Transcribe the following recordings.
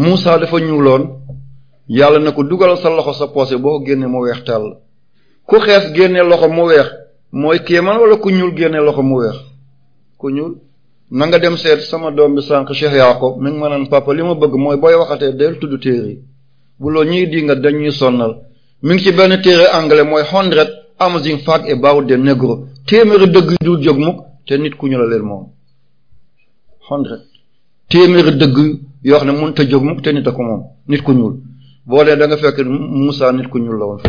Muusa dafa ñuuloon yàlla na ko dugal sa loxo sa poose boo ko génne mu weex tàll ku xees génne loxo mu weex mooy kéemaan walla ku ñuul génnee loxo mu weex ku ñuul na nga dem seet sama doom bi sànq Cheikh Yaakob mi ngi ma naan papa li ma bëgg mooy booy waxatee del tudd téere yi bu loo ñuy di nga dañuy sonnal mu ngi ci benn téere anglais mooy hundred amazing facts about the negro téeméeri dëgg yu dul jóg mukk te nit ku ñu la leen moom hundred téeméeri yoo xam ne mënut a jóg mukk te nit a ko moom nit ku ñuul boo dee da nga fekk Moussa nit ku ñuul la woon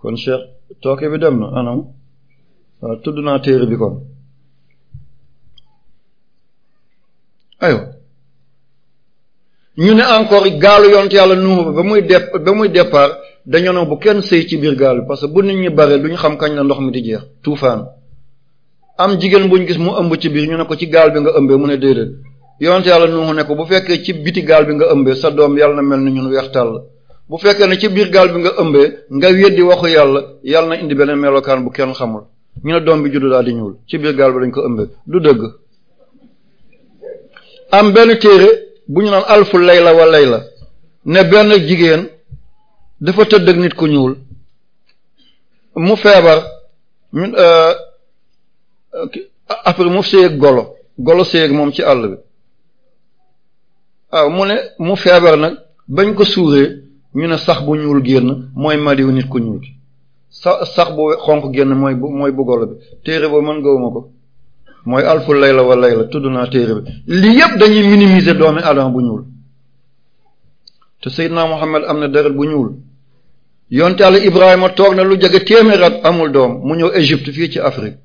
kon Cheikh tooke bi dem na anam tudd naa téere bi kon aywa ñu ne encore gaalu yonte yàlla nuuhu ba muy dep ba muy départ dañoo ne bu kenn sëy ci biir gaal parce que bu nit ñi baree bare duñu xam kañ la ndox mi di jeex tuufaan am jigéen buñ gis mu ëmb ci biir ñu ne ko ci gaal bi nga ëmbee mu ne déedéet yonent yàlla nuuxu ne ko bu fekkee ci biti gaal bi nga ëmbee sa doom yàlla mel ni ñun weex tàll bu fekkee ne ci biir gaal bi nga ëmbee nga weddi waxu yàlla yàlla na indi beneen melokaan bu kenn xamul ñu ne doom bi juddu daal di ñuul ci biir gaal bi dañ ko ëmbee du dëgg am benn téere bu ñu naan alfu layla wa layla ne benn jigéen dafa tëdd nit ku ñuul mu feebar euh, après mu séeg golo golo séeg moom ci àll bi waaw mu ne mu feebar nag bañ ko suuree ñu ne sax bu ñuul génn mooy maliwu nit ku ñuul sa sax bu xonq génn mooy bu mooy bu golo bi téere boobu mën gawuma ko mooy alfu layla wa layla tudd naa téere bi lii yëpp dañuy minimiser doomi adama bu ñuul te naa Muhammad am na deret bu ñuul yonte Yàlla Ibrahima toog na lu jeg téeméer amul doom mu ñëw Égypte fii ci Afrique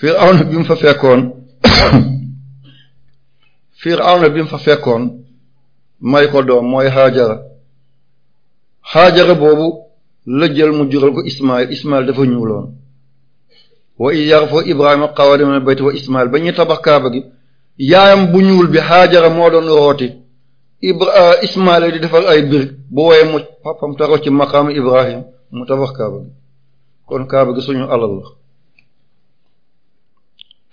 firawna bi mu fa fekkoon firawna bi mu fa fekkoon may ko doom mooy xaajara xaajara boobu la jël mu jural ko ismail ismail dafa ñuuloon wa i yarfo ibrahima qawaade min bayt wa ismail ba ñuy tabax kaaba gi yaayam bu ñuul bi xaajara moo doon rooti ibra ah, ismail di defar ay birig bu woye mu papam taro ci maqaam ibrahim mu tabax kaaba gi kon kaaba gi suñu alal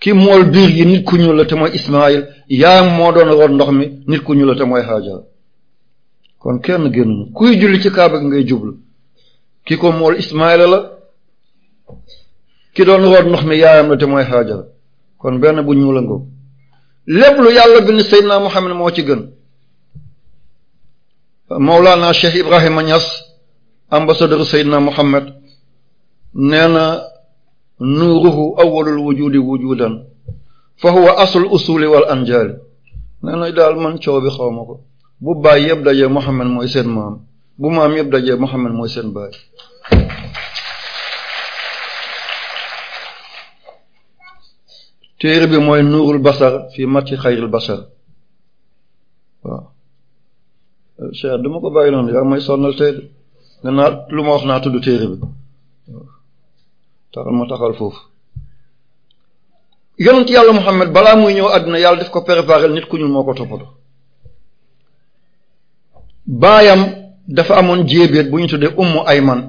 ki mool biir yi nit ku ñuul la Ismaayil yaayam moo doon root ndox mi nit ku ñuul la te mooy kon kenn génn kuy julli ci kaaba gi ngay jublu ki ko mool Ismaayil la ki doon root ndox mi yaayam la te mooy kon benn bu ñuul a ngoog lépp lu yàlla bind Seydina Muhammad moo ci gën Mawlana Cheikh Ibrahima Niass ambassadeur Seydina Muhammad nee na nuuruhu awwalul wujudi wujudan fa huwa aslul usuli wal anjaali nee na daal man coow bi xaw ma ko bu baay yëpp dajee Muhammad mooy seen maam bu maam yëpp dajee Muhammad mooy seen baay téere bi mooy nuurul basar fi matti xayril basar waaw cheikh dama ko bàyyi noonu yaa may sonnal tey de danaa lu ma wax naa tudd téere bi tax ma taxal foofu yonent yàlla Muhammad balaa muy ñëw àdduna yàlla def ko préparer nit ku ñuul moo ko toppatoo baayam dafa amoon jéebéet bu ñu tuddee ummu ayman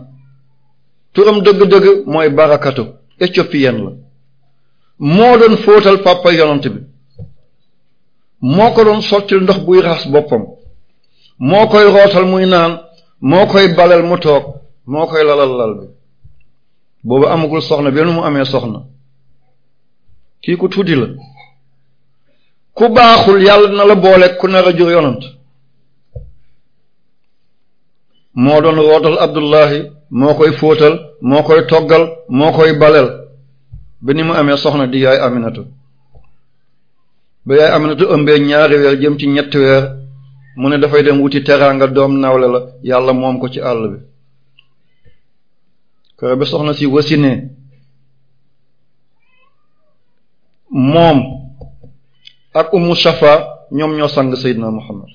turam dëgg-dëgg mooy barakatu éthiopienne la moo doon fóotal papa yonent bi moo ko doon sottil ndox buy raxas boppam moo koy rootal muy naan moo koy balal mu toog moo koy lalal lal bi boobu amagul soxna benn mu amee soxna kii ku tuuti la ku baaxul yàlla na la boole ku nar a jur yonant moo doon rootal Abdullahi moo koy fóotal moo koy toggal moo koy balel ba ni mu amee soxna di yaay Aminatu ba yaay Aminatu ëmbee ñaari weer jëm ci ñetti mu ne dafay dem wuti teraanga doom nawle la yàlla moom ko ci àll bi kër ba soxna si wasine moom ak ummu shafa ñoom ñoo sang seydina muhammad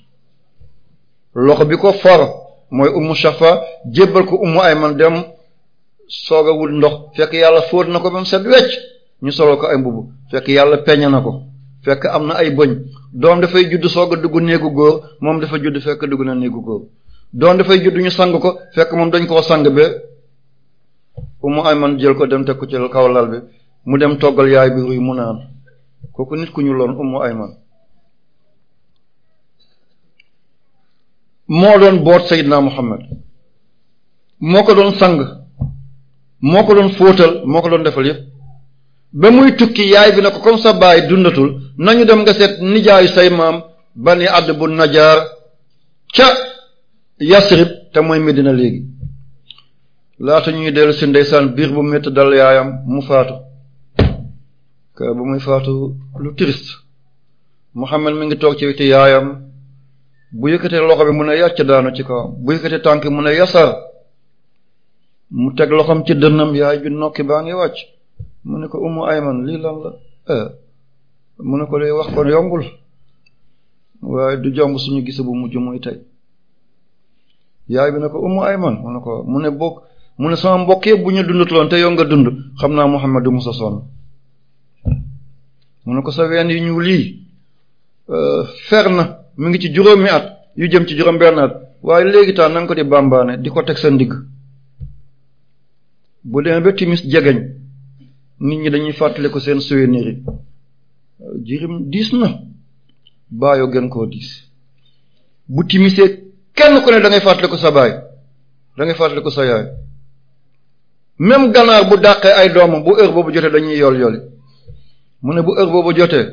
loxo bi ko for mooy ummu shafa jébbal ko ummu ayman dem soog a wut ndox fekk yàlla fóot na ko ba mu set wecc ñu solol ko ay mbubb fekk yàlla peñe na ko fekk am na ay bëñ doom dafay judd soog a dugg néegu góor moom dafa judd fekk dugg na néegu góor doom dafay judd ñu sang ko fekk moom dañ koo sang ba Ummu Ayman jël ko dem te ku ci kaw lal bi mu dem toggal yaay bi ruy mu naan kooku nit ku ñu loon Ummu Ayman moo doon boot Seydina Muhammad moo ko doon sang moo ko doon fóotal moo ko doon defal yëpp ba muy tukki yaay bi ne ko comme sa baay dundatul nañu dem nga seet nijaayu say maam bani àdd bu najaar ca yasrib te mooy Medina léegi laata ñuy dellu si ndeysaan biir bu mu métti dal yaayam mu faatu kër bu muy faatu lu triste Muhammad mi ngi toog ci witi yaayam bu yëkkatee loxo bi mun a yàcc daanu ci kawam bu yëkkatee tànk mun a yasar mu teg loxoom ci dënnam yaay bi nokki baa ngi wàcc mu ne ko Ummu Ayman lii lan la eh. mu ne ko lay wax kon yombul waaye du jomb suñu gis bu mujj muy tey yaay bi ne ko Ummu Ayman mu ne ko mu ne bokk mu ne sama mbokk bu ñu dundutuloon te yow nga dund xam naa Muhammad du musa sonn mu ne ko sa ween yu ñu lii euh, fer na mu ngi ci juróomi at yu jëm ci juróom benn at waaye léegi taa na ko di bàmbaane di ko teg seen ndigg bu demee ba timis jegeñ nit ñi dañuy fàttale ko seen souvenir yi jirim diis na baayoo gën koo diis bu timisee kenn ku ne da ngay fàttale ko sa baay da fàttale ko sa yaay même ganaar bu dàqee ay doomam bu heure boobu jotee dañuy yool yooli mu ne bu heure boobu jotee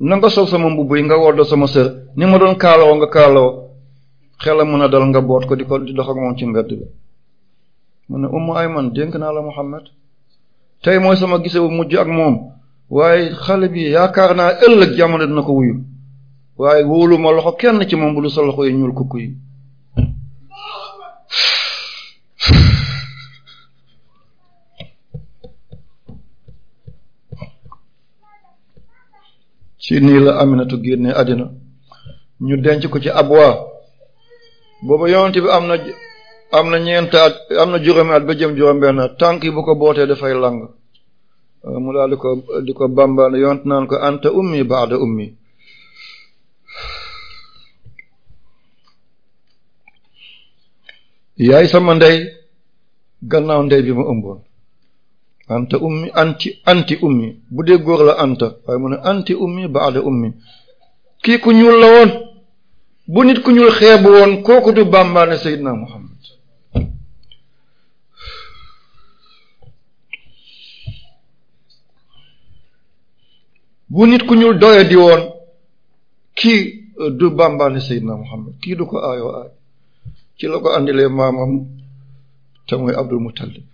na nga sol sama mbubb yi nga woddoo sama sër ni ma doon kaaloo nga kaaloo xelam mën a dal nga boot ko di ko di dox ak moom ci mbedd bi mu ne ay man dénk naa la Muhammad tey mooy sama gise bu mujj ak moom waaye xale bi yaakaar naa ëllëg jamono dina ko wuyu waaye wóolu ma loxo kenn ci moom bu du sa loxo yi ñuul kukk yi ci nii la aminatu génne àddina ñu denc ko ci abwa booba yonent bi am na am na ñeent am na juróomi at ba jëm juróom-benn at tànk yi bu ko bootee dafay lang euh, mu daal di ko di ko bambal yonent naan ko anta ummi baada ummi yaay sama ndey gannaaw ndey bi ma ëmboon anta ummi anti ummi bu dee góor la anta waaye mu ne anti ummi baada ummi kii ku ñuul la woon bu nit ku ñuul xeebu woon kooku du bàmbaane Seydina Muhammad bu nit ku ñuul doye di woon kii euh, du bàmbaane Seydina Muhammad kii du ko aayoo aay ci la ko andilee maamam te Abdul Muttalib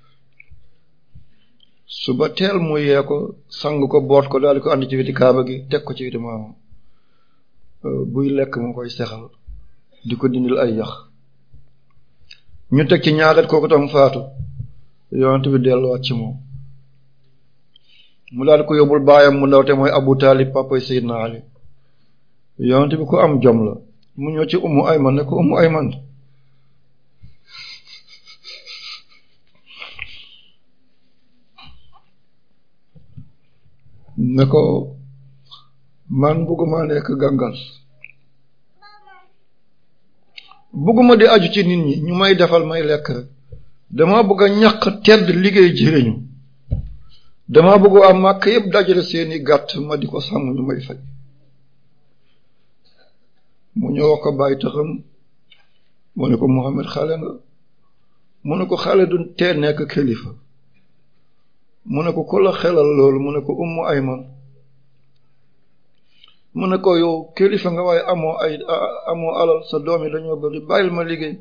suba teel mu yee ko sang ko boot ko daal di ko andi ci witi kaaba gi teg ko ci witi maamam euh, buy lekk mu koy sexal di ko dindil ay yax ñu teg ci ñaaret kooku tam faatu yonent bi delluwaat ci moom mu daal ko yóbbul baayam mu ndaw te mooy Abu Talib papa Seydina Ali yonent bi ko am jomla mu ñëw ci Ummu Ayman ne ko Ummu Ayman ne ko man bëgguma nekk gàngas bëgguma di aju ci nit ñi ñu may defal may lekk rek dama bëgg a ñaq tedd liggéey jëriñu dama bëgg am màkk yëpp dajale seeni gàtt ma di ko sàmm ñu may fay mu ñëw wax ko bàyyi taxam mu ne ko Muhammad xaale nga mu ne ko xale du tee nekk kilifa mu ne ko ko la xelal loolu mu ne ko ummu ayman mu ne ko yow kilifa nga waaye amoo ay amoo alal sa doom yi dañoo bëri bàyyil ma liggéey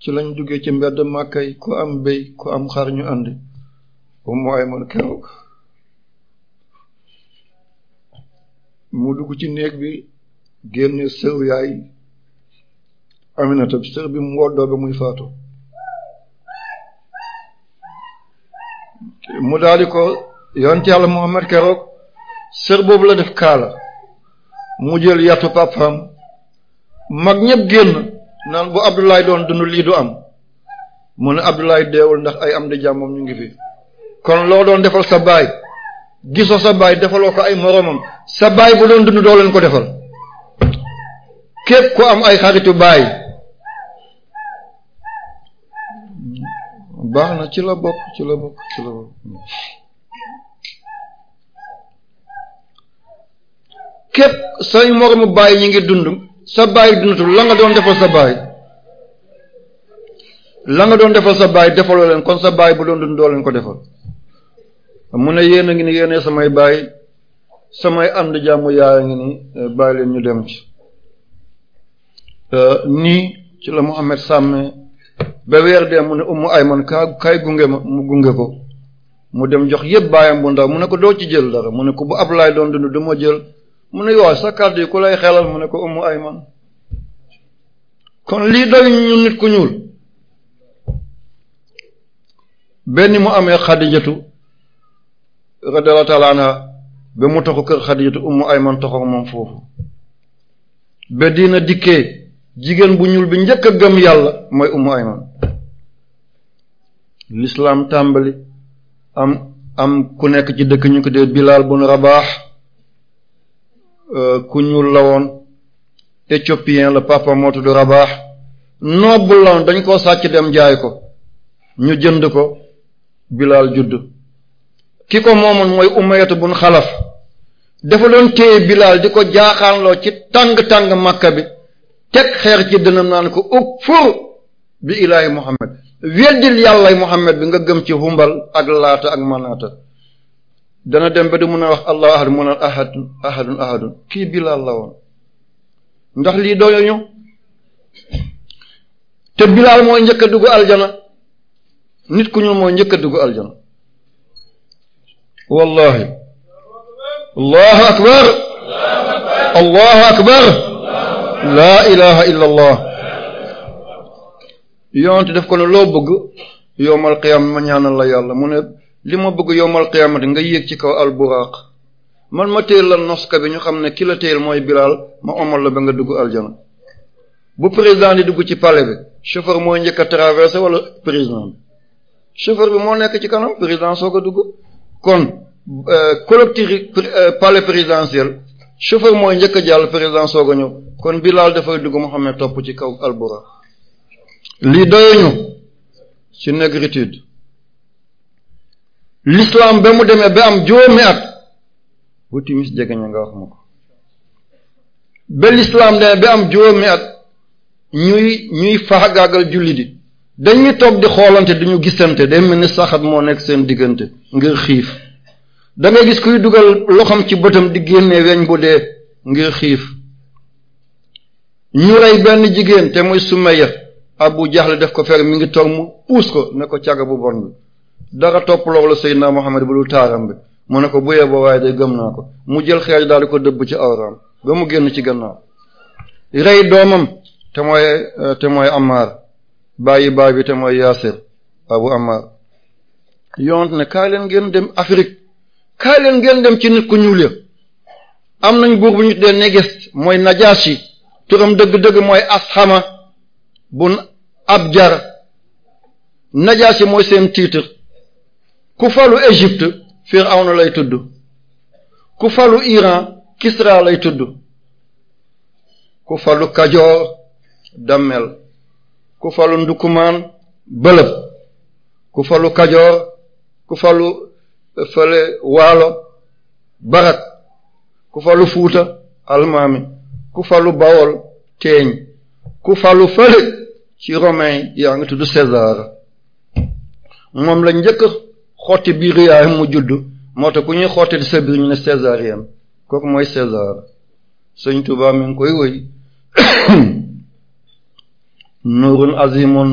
ci lañ duggee ci mbedd màkka yi ku am béy ku am xar ñu àndi ayman keroog mu dugg ci néeg bi génne sëw yaay aminata sër bi mu woddoo ba muy faatu mu daal di ko yonent yàlla Muhammad keroog sër boobu la def kaala mu jël yatu papam mag ñépp génn naan bu Abdoulaye doon dund lii du am mu ne Abdoulaye deewul ndax ay am di jàmmam ñu ngi fi kon loo doon defal sa baay gisoo sa baay defaloo ko ay moroomam sa baay bu doon dund doo leen ko defal képp ko am ay xaritu baay baax na ci la bokk ci la bokk ci la bokk képp say moromu baay ñi ngi dund sa baay dundatul la nga doon defal sa baay la nga doon defal sa baay defaloo leen kon sa baay bu doon dund doo leen ko defal mu ne yéen a ngi ni yéenee samay baay samay ànd jaamu yaay ngi ni eh, bàyyi leen ñu dem ci eh, nii ci la Mohamed Sàmme ba weer dee mu ne ummu ayman kaa kaay gunge ma mu gunge ko mu dem jox yëpp baayam bu ndaw mu ne ko doo ci jël dara mu ne ko bu Ablaay doon dund du jël mu ne yow sa kàddu yi ku lay xelal mu ne ko ummu ayman kon lii doy ñu nit ku ñuul benn mu amee xadijatu radiyallahu taala anha ba mu taxu kër xadijatu ummu ayman taxaw moom foofu ba dina dikkee jigéen bu ñuul bi njëkk a gëm yàlla mooy ummu ayman lislaam tàmbali am am ku nekk ci dëkk ñu ko dee Bilal bun Rabaax euh, ku ñuul lawoon woon la papa moo tudd Rabaax noobu la dañ koo sàcc dem jaay ko ñu jënd ko Bilal judd ki ko moomoon mooy Umayyatu bun Xalaf dafa doon téye Bilal di ko jaaxaanloo ci tàng-tàng Makka bi teg xeex ci dënam naan ko ukfur bi ilaahi Muhammad weddil yàllay Muhammad bi nga gëm ci humbal ak laata ak manaata dana dem ba du mun a wax allahu ahad mun a ahadun ahadun ahadun kii bilaal la woon ndax lii doyoñu te bilaal moo njëkka a dugg aljana nit ku ñuul moo njëkk a dugg aljana wallahi allahu akbar allahu akbar laa ilaha illa yonent def ko ne loo bëgg yowmal qiyaam ma ñaanal la yàlla mu ne li ma bëgg yowmal qiyaamati nga yéeg ci kaw alburaaq man ma téyel la noska bi ñu xam ne ki la téyel mooy bilaal ma omal la ba nga dugg aljana bu président di dugg ci pale bi chauffeur mooy njëkk a traversé wala président bi chauffeur bi moo nekk ci kanam président soo ko dugg kon euh, collectif euh, palais présidentiel chauffeur mooy njëkk a jàll président soo ko ñëw kon bilaal dafay dugg moo xam ne topp ci kaw alburaaq lii doyuñu ci négritude l'islam ba mu demee ba am juróomi at bu timis jegeñe nga wax ma ko ba l'islam demee ba am juróomi at ñuy ñuy faagaagal julli di dañuy toog di xoolante duñu gisante day mel ni saxat moo nekk seen diggante ngir xiif da gis kuy dugal loxam ci bëtam di génnee weñ bu dee ngir xiif ñu rey benn jigéen te muy Sumayya Abu Jahl def ko fer mi ngi toog mu puus ko ne ko caga bu bon bi dara topp loolu Seydina Muhammad bu dul taaram bi mu ne ko bu yeboo waaye de gëm naa ko mu jël xeej daal di ko dëbb ci awraam ba mu génn ci gannaaw rey doomam te mooy te mooy Ammar bi te mooy Yaasir Abu Ammar yonent ne kaay leen ngeen dem Afrique kaay leen ngeen dem ci nit ku ñuul am nañ buur bu ñu tuddee Néges mooy Najaasi turam dëgg-dëgg mooy Ashama bun abjar najaasi mooy seen titre ku falu Égypte Firawna lay tudd ku falu Iran Kisra lay tudd ku falu Kajoor Dammel ku falu Ndukumaan Bëlëb ku falu Kajoor ku falu eh, fële Waalo Barak ku falu Fuuta Almaami ku falu Bawol Teeñ ku falu fële ci romain yaa ngi tudd César moom la njëkk xotti biir yaayam mu judd moo tax ku ñuy xotti sa biir ñu ne césarien kooku mooy César sëñ Tuba mi ngi koy wëy nuurun azimun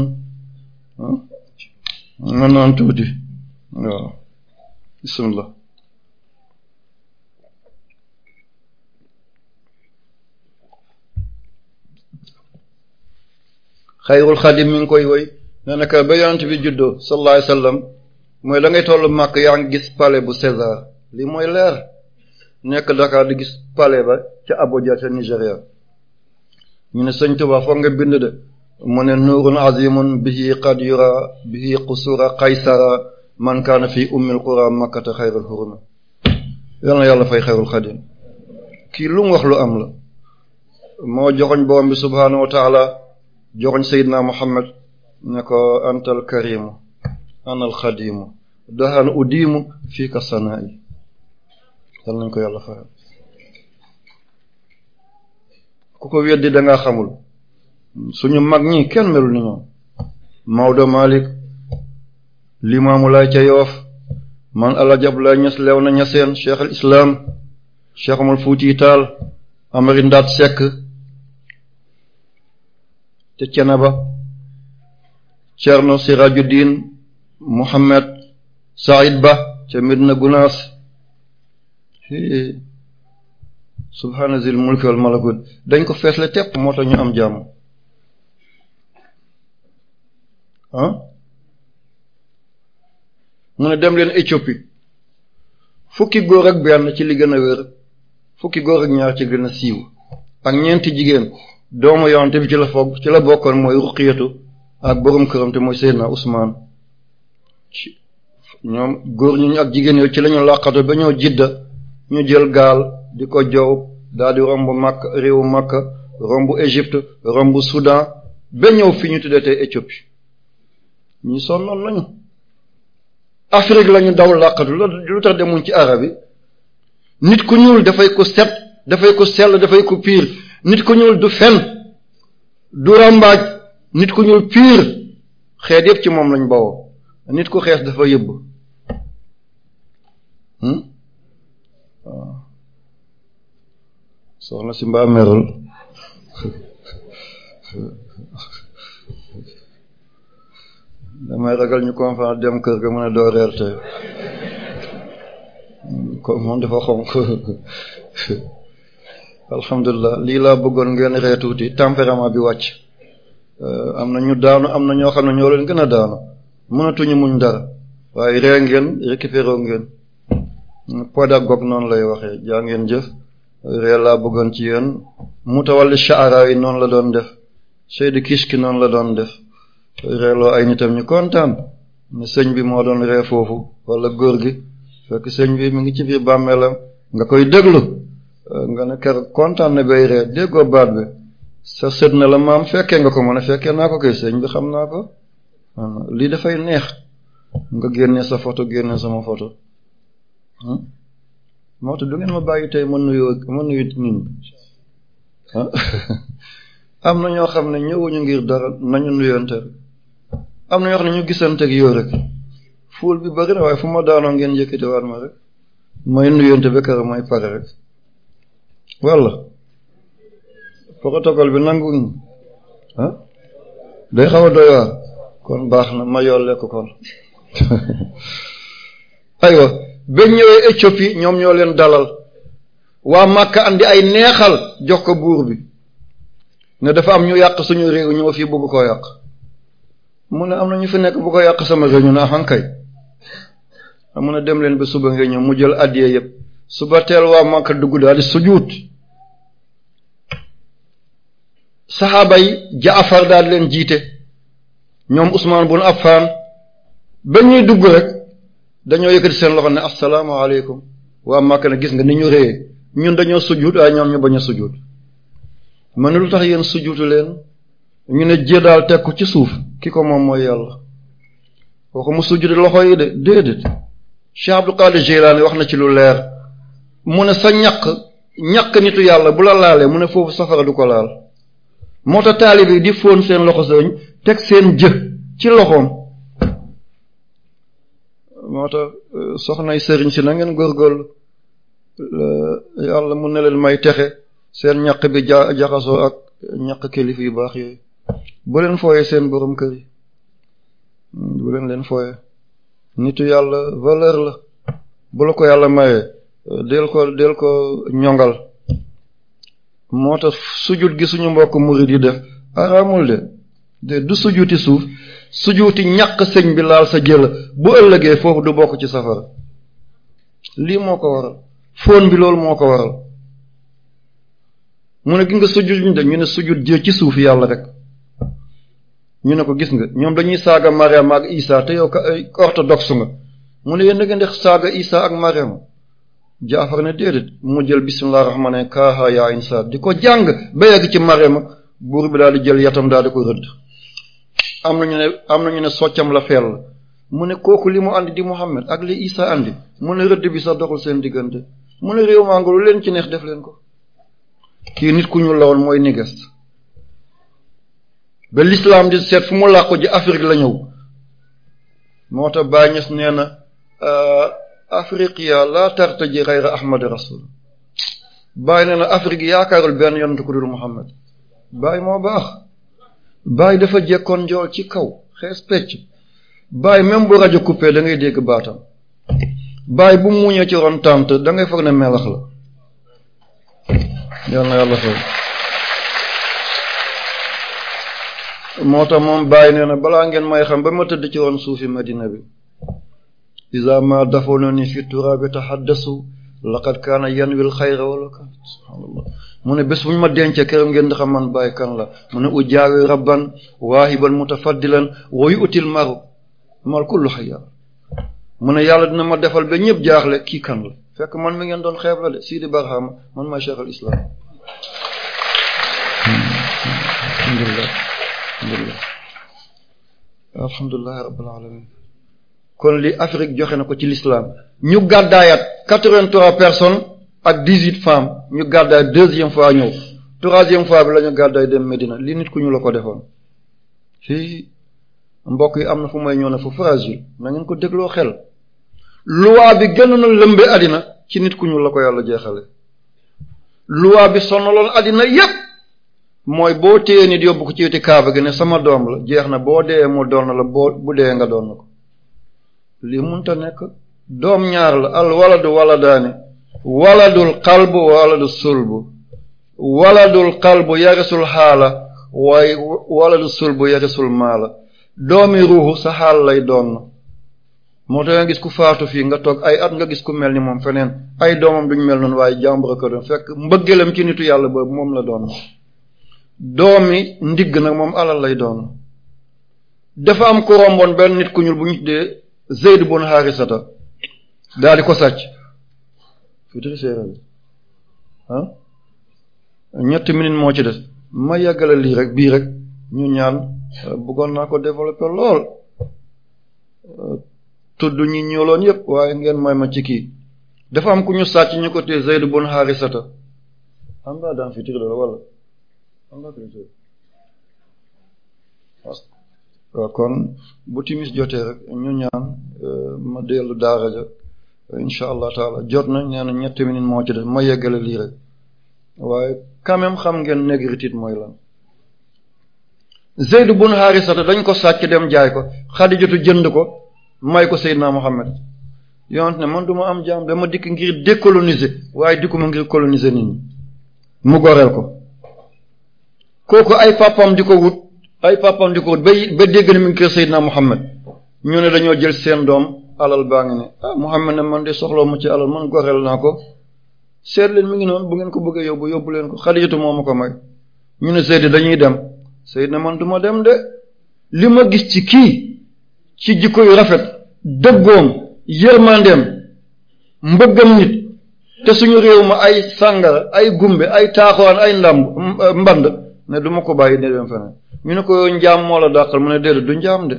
nga naan tuuti waaw xayrul xadim mi ngi koy woy nee na que ba yonent bi juddoo sallallahu alayhi wasallam mooy da ngay toll màkk yaa ngi gis pale bu César lii mooy leer nekk Dakar di gis pale ba ca Abuja ca Nigéria ñu ne sëñ Tuba foog nga bind de mu ne nuurun azimun bihi qad yura bihi qusura qaysara man kaana fi ummil qura makkata xayrul xuruma yal yàlla fay xayrul xadim kii lu wax lu am la moo joxoñ borom bi subhaanahu wa joxoñ sayidna muhammad ne ko antal karimu anal xadimu dahan udimu fii ka sanaayi ko yàlla faral ku ko weddi da xamul suñu mag ñi kenn melul ni ñoom Maodo Malick limaamu laay ca yoof man Alaaji Abdoulaye Niass lew ñaseen cheikh al islam cheikh Omar Amari Ndaat Seck te Cenaba Cerno din Muhammad Saïd Ba ca Medina Gunaas subhaana zil mulki wal malakut dañ ko feesle tepp moo tax ñu am jàmm ah mu ne dem leen Éthiopie fukki góor ak benn ci li gën a wér fukki góor ak ñaar ci gën a siiw ak ñeenti jigéen doomu yonte bi ci la foog ci la bokkoon mooy ruqiyatu ak borom këram te mooy Seydina Usmaan ci ñoom góor ñi ak jigéen ñi ci la ñu làqatu ba ñëw jidda ñu jël gaal di ko jow daal romb màkk réewu màkk romb Égypte romb Soudan ba ñëw fi ñu tuddee tey Éthiopie ñi sonnoon nañu Afrique la daw làqatu lu tax demuñ ci arab yi nit ku ñuul dafay ko set dafay ko sell dafay ko piir nit ku ñuul du fen du rambaaj nit ku ñuul piir xeet yëpp ci moom lañ bawoo nit ku xees dafa yëbb hmm? waaw soxna si mbaa merul damay ragal ñu ko conférence dem kër ga mën a doo reerte comme moom dafa xonq alhamdulilah lii laa bëggoon ngeen ree tuuti tempérament bi wàcc euh, am na ñu daanu am na ñoo xam ne ñoo leen gën a daanu mënatuñu muñ dara waaye ree ngeen récupéré ngeen pédagogue noonu lay waxee jaa ngeen jëf ree laa bëggoon ci yéen mutawalli shaara yi noonu la doon def kiis ki noonu la doon def reeloo ay nitam ñu kontaan ne sëñ bi moo doon ree foofu wala góor gi fekk sëñ bi mu ngi ci biir bàmmeelam nga koy déglu nga ne keroog kontaan na bay reer déggoo baat bi sa sët na la maam fekkee nga ko mën fekkee naa ko kay sëñ bi xam naa ko ah, lii dafay neex nga génnee sa photo génnee sama foto hmm? moo tax du ngeen ma bàyyi tey ma nuyoo mën nuyu ah, am na ñoo xam ne ñëwuñu ngir dara nañu nuyonte am na ñoo xam ne ñu gisanteeg yoo rek fuul bi bëri na waaye fu ma daanoo ngeen yëkkatiwaat ma rek may nuyonte ba keroog may pare rek walla protocole bi nanguñ ah day xaw a doy waar kon baax na ma yool lekk kon aywa ba ñëwee Éthiopie ñoom ñoo leen dalal waa Màkka andi ay neexal jox ko buur bi ne dafa am ñu yàq suñu réew ñoo fii bëgg koo yàq mu ne am na ñu fi nekk bu ko yàq sama réew ñu ne axankay a mun a dem leen ba suba nga ñëw mu jël addiyee yëpp suba teel waa Màkka dugg daal sujuut saxaaba yi afar daal leen jiite ñoom usmaan Ousmane bun Affan ba ñuy dugg rek dañoo yëkkati seen loxo ne asalaamaaleykum waa Màkka ne gis nga ni ñu réyee ñun dañoo sujjuut waaye ñoom ñu bañ a sujjuut ma ne lu tax yéen sujjuutu leen ñu ne jé daal teg ko ci suuf ki ko moom mooy yàlla waxu mu sujjuutu loxo yi de déedéet Cheikh Abdul Qadir Jilani wax na ci lu leer mu ne sa ñaq ñaq nitu yàlla bu la laalee mu ne foofu safara du ko laal moo tax taalib yi di fóon seen loxo sëriñ teg seen jë ci loxoom moo tax euh, soxnay sëriñ si nangeen ngeen góorgóorlu yàlla mun na leen may texe seen ñaq bi ja jaxasoo ak ñaq kilifa yu baax yooyu bu leen fooyee seen boroom kër yi hmm, bu leen leen fooyee nitu yàlla valeur la bu la ko yàlla mayee euh, del ko del ko ñongal moo tax sujut gi suñu mbokk murid yi def araamul de de du sujuti suuf sujuti ñàq sëñ bi laal sa jëla bu ëllëgee foofu du bokk ci safara lii moo ko waral fóon bi loolu moo ko waral mu ne gi nga sujut ñu de ñu ne sujut jë ci suuf yàlla rek ñu ne ko gis nga ñoom dañuy saaga Mariama ak issa te yow ka orthodoxe nga mu ne yéen da ngeen di saaga Isa ak Mariama jaafar na déedéet mu jël bismillah rahmane kaaha yaa insaan di ko jàng ba yegg ci mare ma buur bi daal di jël yatam daal di ko rëdd am nañu ne am nañu ne soccam la feel mu ne kooku li mu andi di Muhammad ak li Isa andi mu ne rëdd bi sax doxul seen diggante mu ne réew maa lu leen ci neex def leen ko kii nit ku ñuul la woon mooy Négresse ba l'islam di seet fu mu làqu ji Afrique la ñëw moo tax Baay Ñas nee na euh, afriqiya la tartaji xayra ahmad rasul bàyyi nee na afrique yaakaarul benn yonent ku dul muhammad bàyyi moo baax bàyyi dafa jekkoon njool ci kaw xees pecc bàyyi même bu rajo coupé da ngay dégg baatam bàyyi bu muuñee ci ron tànt da ngay foog ne melax la yal na yàlla fay moo tax moom bàyyi nee na balaa ngeen may xam ba ma tëdd ci ron suufi madina bi iza ma dafanuni fi turabi tahaddasu laqad kaana yanwil xayra wala kan subhaanallah mu ne bés bu ma dencee këram ngeen di xam man bàyyi kan la mu ne ujaawi rabban waahiban mutafaddilan wa yu'til maru mal kullu hayya mu ne yàlla dina ma defal ba ñëpp jaaxle kii kan la fekk man mi ngeen doon xeeb la de Sidi Barhama man maay Cheikh hmm. hmm. hmm. al kon li Afrique joxe na ko ci lislaam ñu gàddaayaat quatre trois personnes ak dix-huit femmes ñu gàddaay deuxième fois ñëw troisième fois bi lañu ñu gàddaay dem Medina li nit ku ñu la ko defoon fii mbokk yi am na fu may ñëw na fu fragile na ko dégloo xel loi bi gën na lëmbe àddina ci nit ku ñu la ko yàlla jeexale loi bi sonaloon àddina yépp mooy boo téye nit yóbbu ko ci weti kaaba gi ne sama doom la jeex na boo dee mu doon la boo bu dee nga doon ko li munta nekk doom ñaar la al waladu waladaani waladul qalbu waladu sulbu waladul qalbu yarisul xaala waaye waladu sulbu yarisul maala doomi ruuxu sa xaal lay doon moo tax nga gis ku faatu fii nga toog ay at nga gis ku mel ni moom feneen ay doomam duñ mel noonu waaye jàmbur ko doon fekk mbëggeelam ci nitu yàlla boobu moom la doon doomi ndigg nag moom alal lay doon dafa am ku romboon benn nit ku ñuul bu ñu tuddee bon bun Harisata daal di ko sàcc fitiri séeréer ñetti minutes moo ci des ma yàggale lii rek bii rek ñu ñaan euh, bëggoon naa ko développer lool euh, tudd ñi ñooloon yëpp waaye ngeen may ma ci kii dafa am ku ñu sàcc ñu ko te bon bun Harisata am ngaa daan fitiri loolu wala kon bu timis jotee rek ñu ñaan euh, ma dellu daara ja allah taala jot nañ nee na ñetti minute moo ci def ma yeggale lii rek waaye quand même xam ngeen négritude mooy lan Zayd bun Harisata dañ ko sàcc dem jaay ko Xadijatu jënd ko may ko Seydina Muhammad yonent ne man duma am jaam dama dikk ngir décolonisé waaye dikkuma ngir coloniser nit ñi mu goreel ko kooku ay papam di ko wut ay papaam di ko ba ba dégg na mi ngi kër Seydina Muhammad ñu ne dañoo jël seen doom alal baa ngi ne ah Muhammad ne man de soxloo ma ci alal man goreel naa ko seet leen mi ngi noonu bu ngeen ko bëggee yóbbu yóbbu leen ko Xadijatu moo ma ko may ñu ne Seydi dañuy dem Seydi na man du ma dem de li ma gis ci kii ci jikko yu rafet dëggoom yërmandeem mbëggam nit te suñu réew ma ay sàngara ay gumbe ay taaxawaan ay ndàmb mband ne du ma ko bàyyi ne dem feneen ñu ne ko njaam moo la dàqal mu ne déedéet du njaam de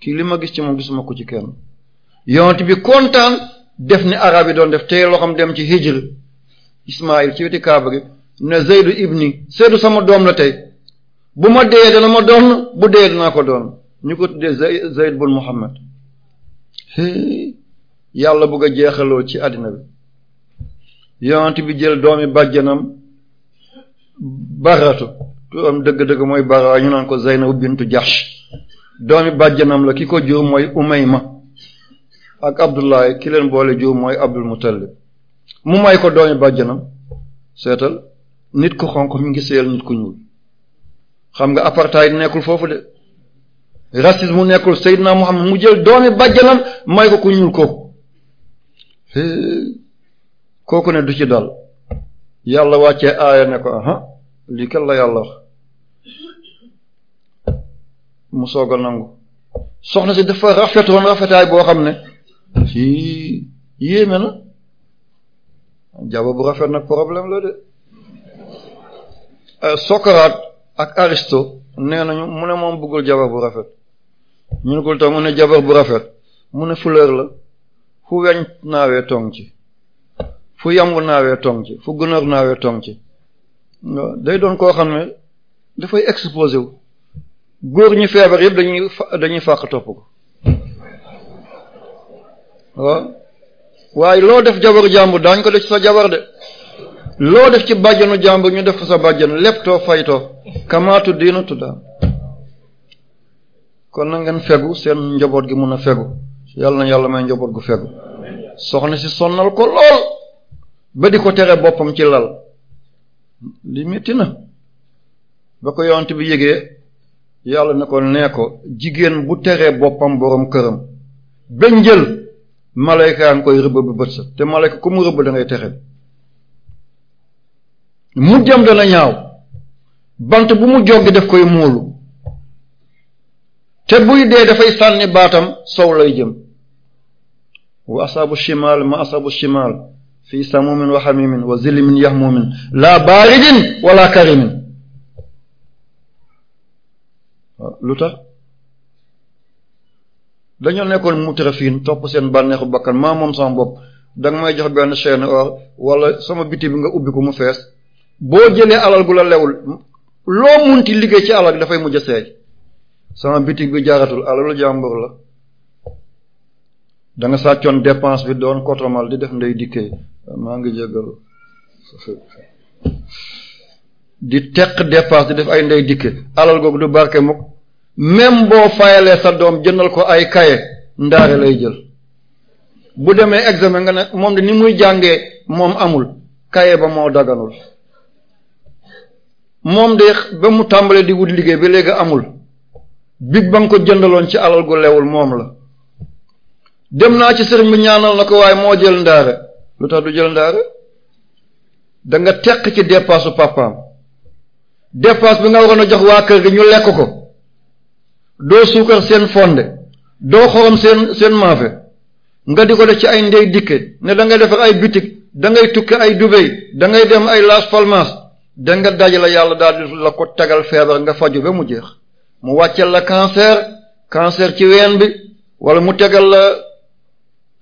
kii li ma gis ci moom gisuma ko ci kenn yonent bi kontaan def ni arab yi doon def tey loxam dem ci hijr ismail ci weti kaaba gi ne zeydu ibni zeydu sama doom la tey bu ma dee dana ma doon bu dee naa ko doon ñu ko tuddee zeyd bun muhammad yàlla bugg a jeexaloo ci àddina bi yonent bi jël doomi bàjjanam baratu turam dëgg-dëgg mooy Baraa ñu naan ko Zaynab bintu Jahsh doomi bàjjanam la ki ko jur mooy ma ak Abdullahi ki leen boole jur mooy Abdul Muttalib mu may ko doomi bàjjanam seetal nit ku xonq mu ngi seyal nit ku ñuul xam nga apartheid nekkul foofu de racisme nekkul Seydina Muhammad mu jël doomi bàjjanam may ko ku ñuul kooku kooku ne du ci dal yàlla wàccee aaya ne ko aha lii kan la yàlla mu soog a nangu soxna si dafa rafetoon rafetaay boo xam ne si yéeme na jaba bu rafet nag problème la de euh, Socrate ak Aristo nee nañu mu ne moom bëggul jabar bu rafet ñu ne ko tax mu ne jabar bu rafet mu ne fleur la fu weñ naawee tong ci fu yamb naawee tong ci fu gunóor naawee tong ci day doon koo xam ne dafay exposé wu góor ñi feebar yëpp dañuy dañuy fàq topp ko waaw waaye loo def jabaru jàmbur daañ ko def sa jabar de loo def ci bàjjanu jàmbur ñu def ko sa bàjjan lépp too faytoo kamaatu diinu tuddaa kon na ngeen fegu seen njaboot gi mun a fegu yàlla na yàlla may njaboot gu fegu soxna si sonnal ko lool ba di ko tere boppam ci lal li métti na ba ko yonent bi yëgee yàlla na ko nee ko jigéen bu teree boppam boroom këram benn jël malayka nga koy rëbb ba bët sa te malayka ku mu rëbb da tere mu jëm dana ñaaw bant bu mu joggi daf koy muulu te buy dee dafay sànni baatam sow lay jëm wa asabu shimal ma asabu fii samumin wa xamimin wa zilli min yaxmumin laa baaridin wala karimin lu tax dañoo nekkoon mutrafiin topp seen bànneexu bakkan maa moom sama bopp danga may jox benn chaîne or wala sama biti bi nga ubbi ko mu fees boo jëlee alal gu la lewul loo munti liggéey ci alal dafay mujj a seey sama bitig bi jaaratul alalu jàmbur la da nga sàccoon dépense bi doon kotomal di def ndey dikkee maa ngi jégalu di teq dépense di def ay ndey dikke alal googu du barke mukk même boo fayalee sa doom jëndal ko ay kaye ndaare lay jël bu demee examen nga ne moom de ni muy jàngee moom amul kaye ba moo daganul moom de ba mu tàmbalee di wut liggéey ba léegi amul big ba ko jëndaloon ci alal gu lewul moom la dem naa ci sëriñ bi ñaanal na ko waaye moo jël ndaare lu tax du jël ndaare da teq ci dépensu papaam dépense bi nga waroon a jox waa kër gi ñu lekk ko doo suukar seen fonde doo xorom seen seen maafe nga di ko def ci ay ndey ne da ngay defar ay bitik da ngay tukki ay Dubaï da ngay dem ay Las Palmas da nga dajale yàlla daal di la ko tegal feebar nga faju ba mu jeex mu wàccel la cancer cancer ci ween bi wala mu tegal la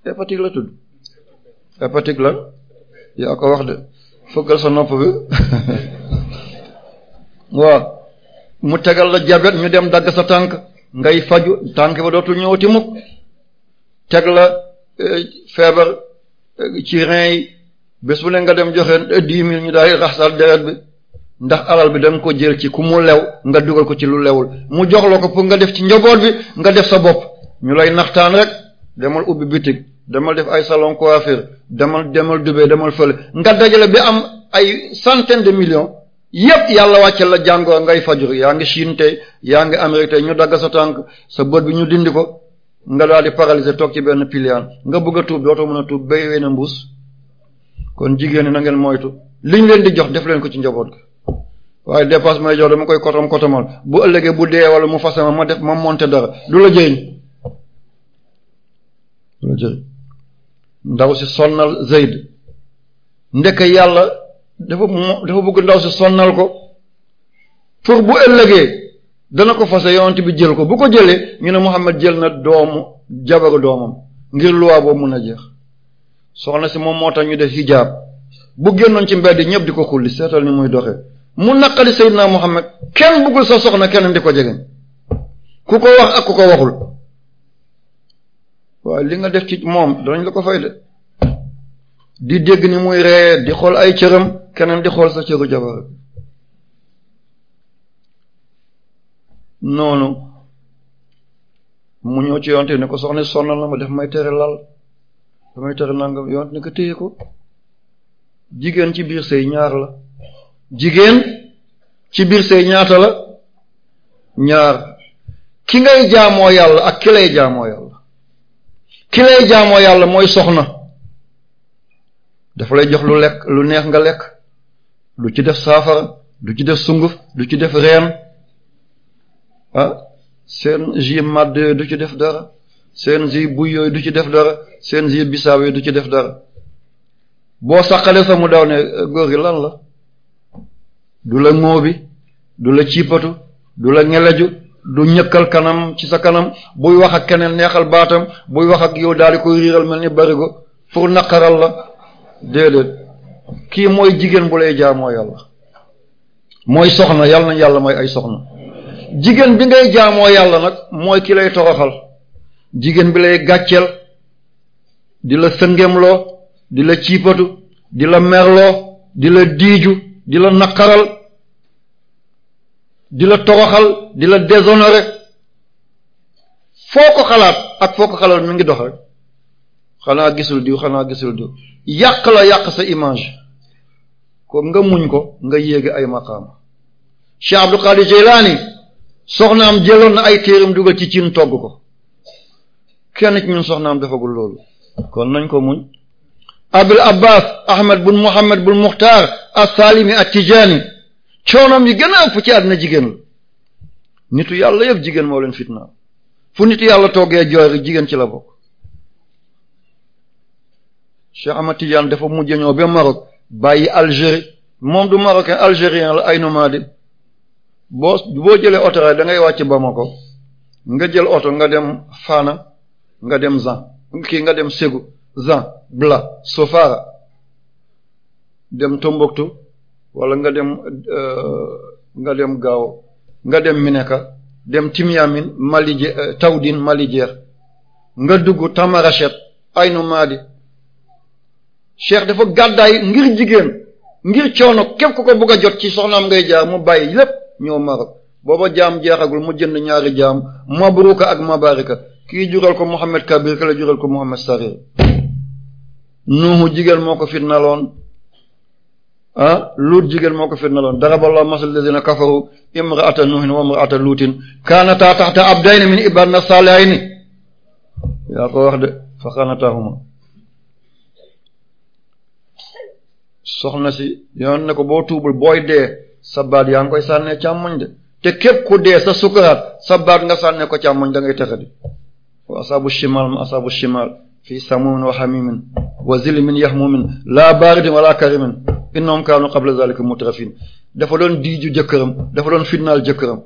hépatite la tudd hépatique la yaa ko wax de fëggal sa nopp bi waaw mu tegal la jabet ñu dem dagg sa tànk ngay faju tànk ba dootul ñëwati mukk teg la eh, feebar eh, ci rein yi bés bu ne nga dem joxe eh, dix mille ñu daay raxsal deret bi ndax alal bi da nga ko jël ci ku mu lew nga dugal ko ci lu lewul mu jox la ko pour nga def ci njaboot bi nga def sa bopp ñu lay naxtaan rek demal ubbi bitig demal def ay salon coiffure demal demal dubee demal fële nga dajale bi am ay centaine de millions yépp yàlla wàcce la jàngoo ngay fajur yaa ngi Chine tey yaa ngi Amérique tey ñu dagg sa tànk sa bët bi ñu dindi ko nga daal di paralyser toog ci benn pilian nga bëgg a tuub dootoo mën a tuub béy wey mbuus kon jigéen ñi na ngeen moytu liñ leen di jox def leen ko ci njaboot gi waaye dépasse may jox dama koy kotom kotomal bu ëllëgee bu dee wala mu fase ma def ma monte dara du la jëriñ ndaw si sonnal Zayd ndeke yàlla dafa dafa bëgg ndaw si sonnal ko pour bu ëllëgee dana ko fase yonent bi jël ko bu ko jëlee ñu ne Muhammad jël na doomu jabaru doomam ngir luwaa boo mun a jeex soxna si moom moo tax ñu def hijab bu génnoon ci mbedd ñëpp di ko xulli seetal ni muy doxee mu naqali Seydina Muhammad kenn bëggul sa soxna keneen di ko jegeñ ku ko wax ak ku ko waxul waaw li nga def ci moom danañ la ko fay de di dégg ni muy ree di xool ay cëram keneen di xool sa cëru jabar noonu mu ñëw ci yonte ne ko soxna sonnal na ma def may tere lal damay tere nangam yonte ne ko téye ko jigéen ci biir sëy ñaar la jigéen ci biir sëy ñaata la ñaar ki ngay jaamoo yàlla ak ki lay jaamoo yàlla ki jaamoo yàlla mooy soxna dafa lay jox lu lekk lu neex nga lekk du ci def saafara du ci def sunguf du ci def reen ah, seen ji màdd yooyu du ci def dara seen ji ci def dara seen ji bisaab yooyu du ci def dara boo saqale sa mu daw ne eh, góor gi lan la du la ŋóobi du la ciipatu du la ŋeleju du ñëkkal kanam ci sa kanam buy wax ak keneen neexal baatam buy wax ak yow daal di koy riiral mel ni barigo pour naqaral la déedéet kii mooy jigéen bu lay jaamoo yàlla mooy soxna yàlla nañ yàlla mooy ay soxna bi ngay jaamoo yàlla nag mooy ki lay toroxal jigéen bi lay gàcceel di la sëngeemloo di la ciipatu di la merloo di la diiju di la naqaral di la toroxal di la déshonorer foo ko xalaat ak foo ko xalaat mi ngi dox rek xanaa gisul diw xanaa gisul diw yàq yàq sa image ko nga muñ ko nga yéege ay maqaama Cheikh Abdul Qadir Jeylaani soxnaam jëloon na ay téeram dugal ci cin togg ko kenn ci ñun soxnaam defagul loolu kon nañ ko muñ Abul Abbas Ahmed bun Muhammad bun Mukhtar as-Salimi at-Tijani coonam yi gën a na jigéen la nitu yàlla yëpp jigéen moo leen fitnaal fu nit yàlla toogee jooy jigéen ci la bokk Cheikh Ahmad Tidiane dafa mujj ñëw ba Maroc bàyyi Algérie moom du marocain algérien la ay nomade boo boo jëlee oto rek da ngay wàcc Bamako nga jël oto nga dem Fana nga dem Zan kii nga dem Ségou Zan Bla Sofara dem Tombouctou wala nga dem euh, nga dem Gao nga dem Mineka dem Timyamin Mali euh, Tawdin Malijeer nga dugg Tamarachet Aynu Maadi cheikh dafa gàddaay ngir jigéen ngir coono képp ku ko bëgg jot ci soxnaam ngay jaar mu bàyyi lépp ñëw Maroc booba jaam jeexagul mu jënd ñaari jaam mabruka ak mabarika kii jural ko Mohammed Kabir kala jural ko Mohammed Sarir nuuhu jigéen moo ko fitnaloon ah luut jigéen moo ko fitnaloon daraballahu masal lazina kafaru imra'ata nuhin wa imra'ata luutin kaanataa taxta abdayni min ibadna salihayni yaa ko wax de fa xanataahuma soxna si yoon ne ko boo tuubul booy dee sa baat yaa ngi koy sànnee càmmoñ de te képp ku dee sa sukuraat sa baat nga sànnee ko càmmoñ da ngay texadi wa asaabu shimal ma asaabu shimal fii samumin wa hamimin wa zilmin yahmumin laa baaridin wala karimin innahum kaanu qabla zalika mutrafin dafa doon diiju jëkkëram dafa doon fitnaal jëkkëram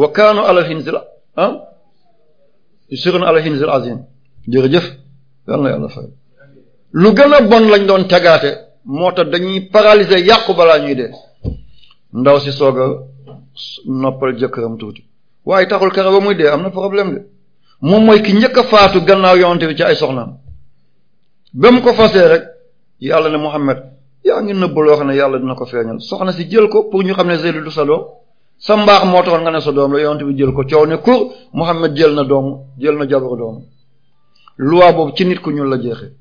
wa kaanu ala hinzil ah surun ala hinzil azim jërëjëf yàlla na yàlla fay lu gën a bon lañ doon tegaate moo tax dañuy paralyser yàqu balaa ñuy dee ndaw si soog a noppal jëkkëram tuuti waaye taxul kara ba muy dee am na problème de moom mooy ki njëkk a faatu gannaaw yonante bi ci ay soxnaam ba mu ko fasee rek yàlla ne Muhammad yaa ngi nëbb loo xam ne yàlla dina ko feeñal soxna si jël ko pour ñu xam ne Zayd du sa doom sa mbaax moo taxoon nga ne sa doom la yonante bi jël ko coow ne kur Muhammad jël na doom jël na jabaru doomu loi boobu ci nit ku ñun la jeexee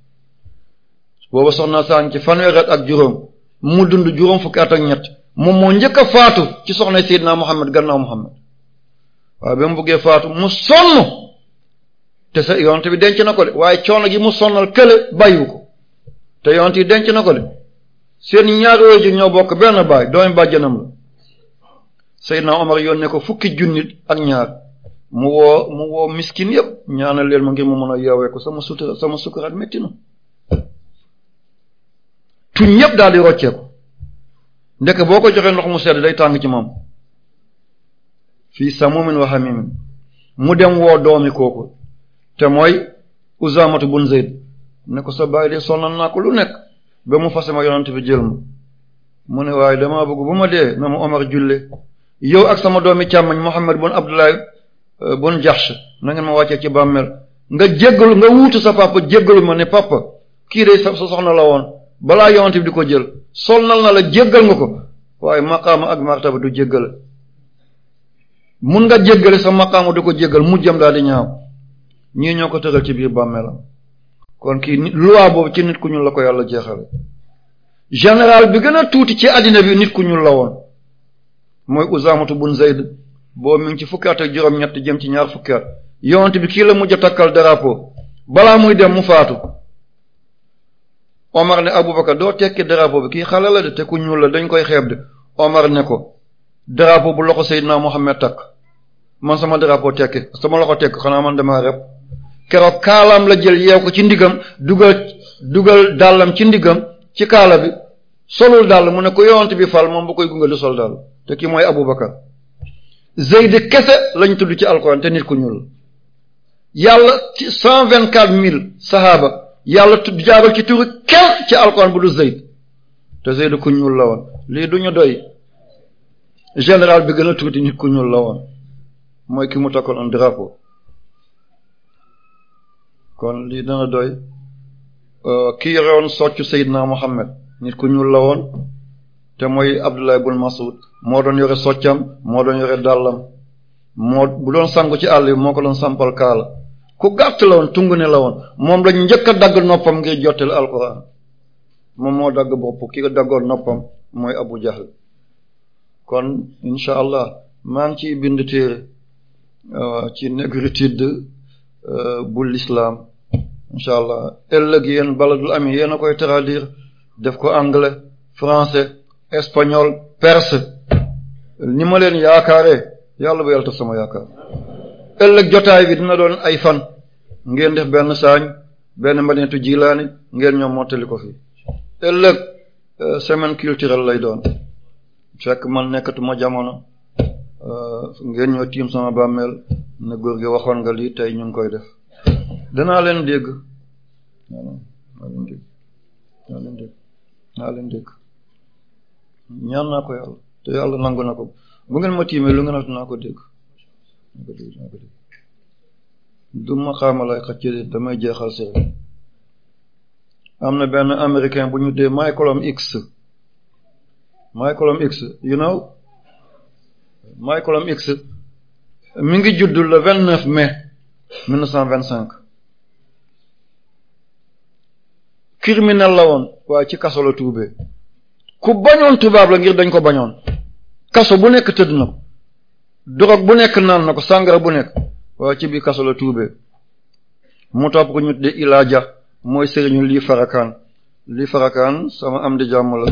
boobu soxna saan ci fanweeri at ak juróom mu dund juróom fukki at ak ñett moom moo njëkk a faatu ci soxna Seydina Muhammad gannaaw Muhammad waaye te yoon yonent bi denc na ko de waaye coono gi mu sonnal kële bàyyiwu ko te yonent yi denc na ko de seen ñaari waajur ñoo bokk benn baay doomi bàjjanam la Seydina Omar yónnee ko fukki junni ak ñaar mu woo mu woo miskin yëpp ñaanal leen ma ngir mu a yeewee ko sama sutura sama sukuraat métti na tuñ yëpp daal di rocceeku ndekk boo ko joxee ndox mu sedd day tàng ci moom fii samumin wa hamimin mu dem woo doomi kooku te mooy Usaamatu bun Zayd ne ko sa baay de sonal naa ko lu nekk ba mu fase ma yonent bi jël ma mu ne waaye damaa bëgg bu ma dee na ma Omar julle yow ak sama doomi càmmañ Muhammad bun Abdullahi euh, bun Jahsh na ngeen ma wàccee ci bàmmeel nga jéggalu nga wuutu sa papa jéggalu ma ne papa kii de sa soxna la woon balaa yonent di ko jël solnal na la jéggal nga ko waaye maqaama ak ba du jéggale mun nga jéggale sa maqaama du ko mu mujjam daal di ñaaw ñii ñoo ko tëral ci biir bàmmeelam kon kii loi ci nit ku ñuul la ko yàlla jeexale général bi gën a tuuti ci àddina bi nit ku ñuul la woon mooy Usaamatu bun Zayd boo mi ngi ci fukki at juróom-ñett jëm ci ñaar fukki at yonent bi kii la mujj a takkal drapeau balaa muy dem mu faatu Omar ne Abubakar doo tekki drapeau bi kii xale la de te ku ñuul la dañ koy xeeb de Omar ne ko drapeau bu loxo Seydina Mohamed takk man sama drapeau tekki sama loxo tekk xanaa man keroog kaalaam la jël yeew ko ci ndigam dugal dugal dàllam ci ndiggam ci kaala bi solul dall mu ne ko yonent bi fal moom bu koy gunge du sol dàll te ki mooy Abubakar Zayd kese lañ tudd ci alxuraan te nit ku ñuul yàlla ci cent vingt quatre mille sahaaba yàlla tudd jaabal ci turu kenn ci alxuraan bu du Zayd te Zayd ku ñuul la woon lii du ñu doy général bi gën a tuuti nit ku ñuul la woon mooy ki mu takkoon un drapeau kon lii dana doy euh, ki yorewoon soccu Seydina Mohamed nit ku ñuul la woon te mooy Abdullah ibn Mas'ud moo doon yore soccam moo doon yore dàllam moo bu doon sangu ci àll bi moo ko doon sampal kaala ku gàtt la woon tungu ne la woon moom lañ njëkk a dagg noppam ngir jottali alquran moom moo dagg bopp ki ko daggoon noppam mooy Abu Jahl kon incha allah maa ngi ciy bind téere euh, ci négritude Euh, bu lislaam incha allah ëllëg yéen baladul ami yéen a koy traduire def ko anglais français espagnol perse ni ma leen yaakaare yàlla bu yàlla taf sama yaakaar ëllëg jotaay bi dina doon ay fan ngeen def benn saañ benn mbaneetu jilaani ngeen ñoom mottali ko fii ëllëg euh, semaine culturelle lay doon fekk man nekkatuma jamono Euh, ngeen ñoo tiim sama bàmmeel na góor gi waxoon nga lii tey ñu ngi koy def danaa leen dégg naa leen dégg naa ñaan naa ko yàlla te yàlla nangu na ko bu ngeen ma tiimee lu ngeen wax naa ko dégg naa ko dégg naa ko dégg du ma xaamalay xaccëri damay jeexal see am na benn américain bu ñu dee Michael X Michael X you know mooy X mi ngi judd la vingt neuf mai mille neuf cent vingt cinq criminel la woon waaye ci kaso la tuubee ku bañoon tubaab la ngir dañ ko bañoon kaso bu nekk tëdd no ko drogue bu nekk naan na ko sàngara bu nekk waaye ci biir kaso la tuubee mu topp ko ñu tudde Ilaaja mooy sëriñu lii farakaan lii farakaan sama am di jàmm la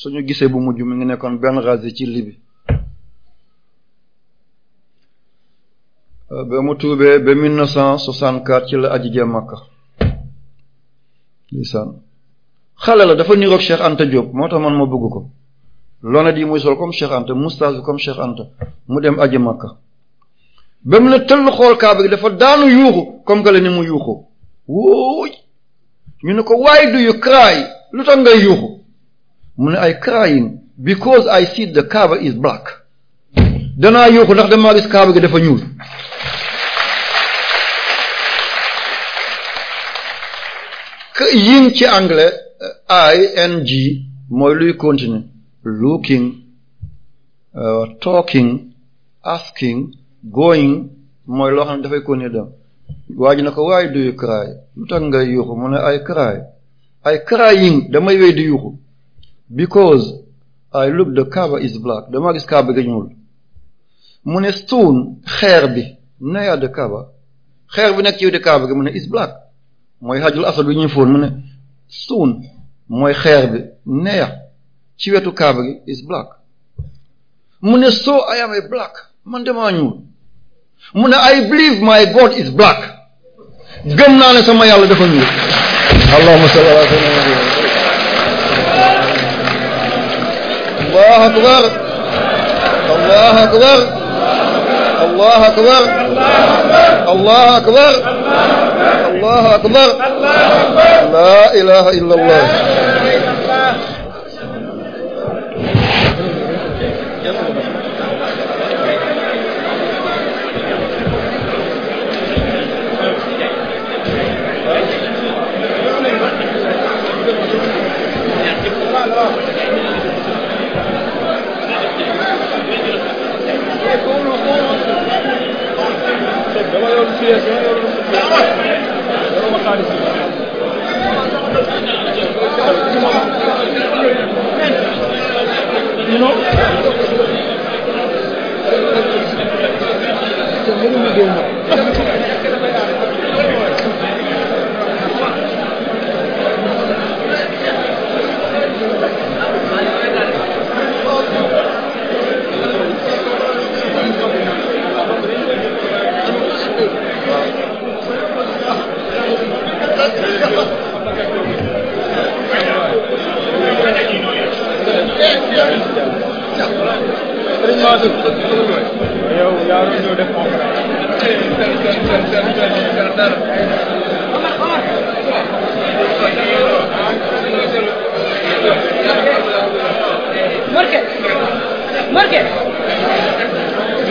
suñu gisee bu mujj mi ngi nekkoon benn razi ci libi ba mu tuubee ba 1964 ci la aji jëm Makka xale la dafa niroog Cheikh Anta Diop moo tax man ma bëgg ko lonet yi muy sol comme Cheikh Anta moustache bi comme Cheikh Anta mu dem aji Makka ba mu ne tëll xool kaaba gi dafa daanu yuuxu comme que la ni mu yuuxu wóoy ñu ne ko why do you cry lu tax ngay yuuxu mu ne ay crying because I see the Kaaba is black danaa yuuxu ndax damaa gis kaaba gi dafa ñuul yin ci anglais uh, ing mooy luy continuer looking uh, talking asking going mooy loo xam ne dafay continuer dem waa na ko waaye duyu cry lu tax ngay yuuxu mu ne ay cry ay crying damay wéy di yuuxu because I look the Kaaba is black damaa gis Kaaba gi ñuul mu ne suun xeer bi naya de Kaaba xeer bi nekk ci wetu Kaaba gi mu ne is black mooy hajul asad bi ñu fóon mu ne suun mooy xeer bi neya ci wetu Kaaba gi is black mu ne so I am a black man damaa ñuul mu ne I believe my God is black gëm naa ne sama yàlla defa ñuul allahumma salli ala sayyidina Allahu akbar Allahu akbar الله أكبر الله أكبر الله أكبر لا إله إلا الله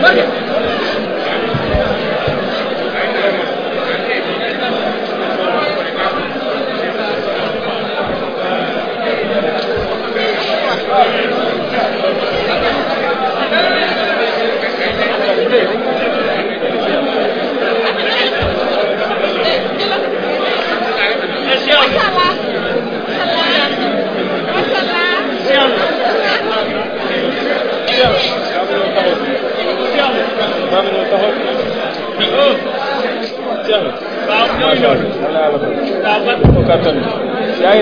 barke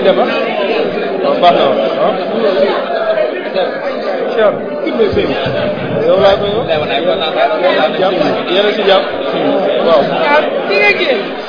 ñuy defar baax na ah. yow laa koy wax yéen a si jàpp hmm. waaw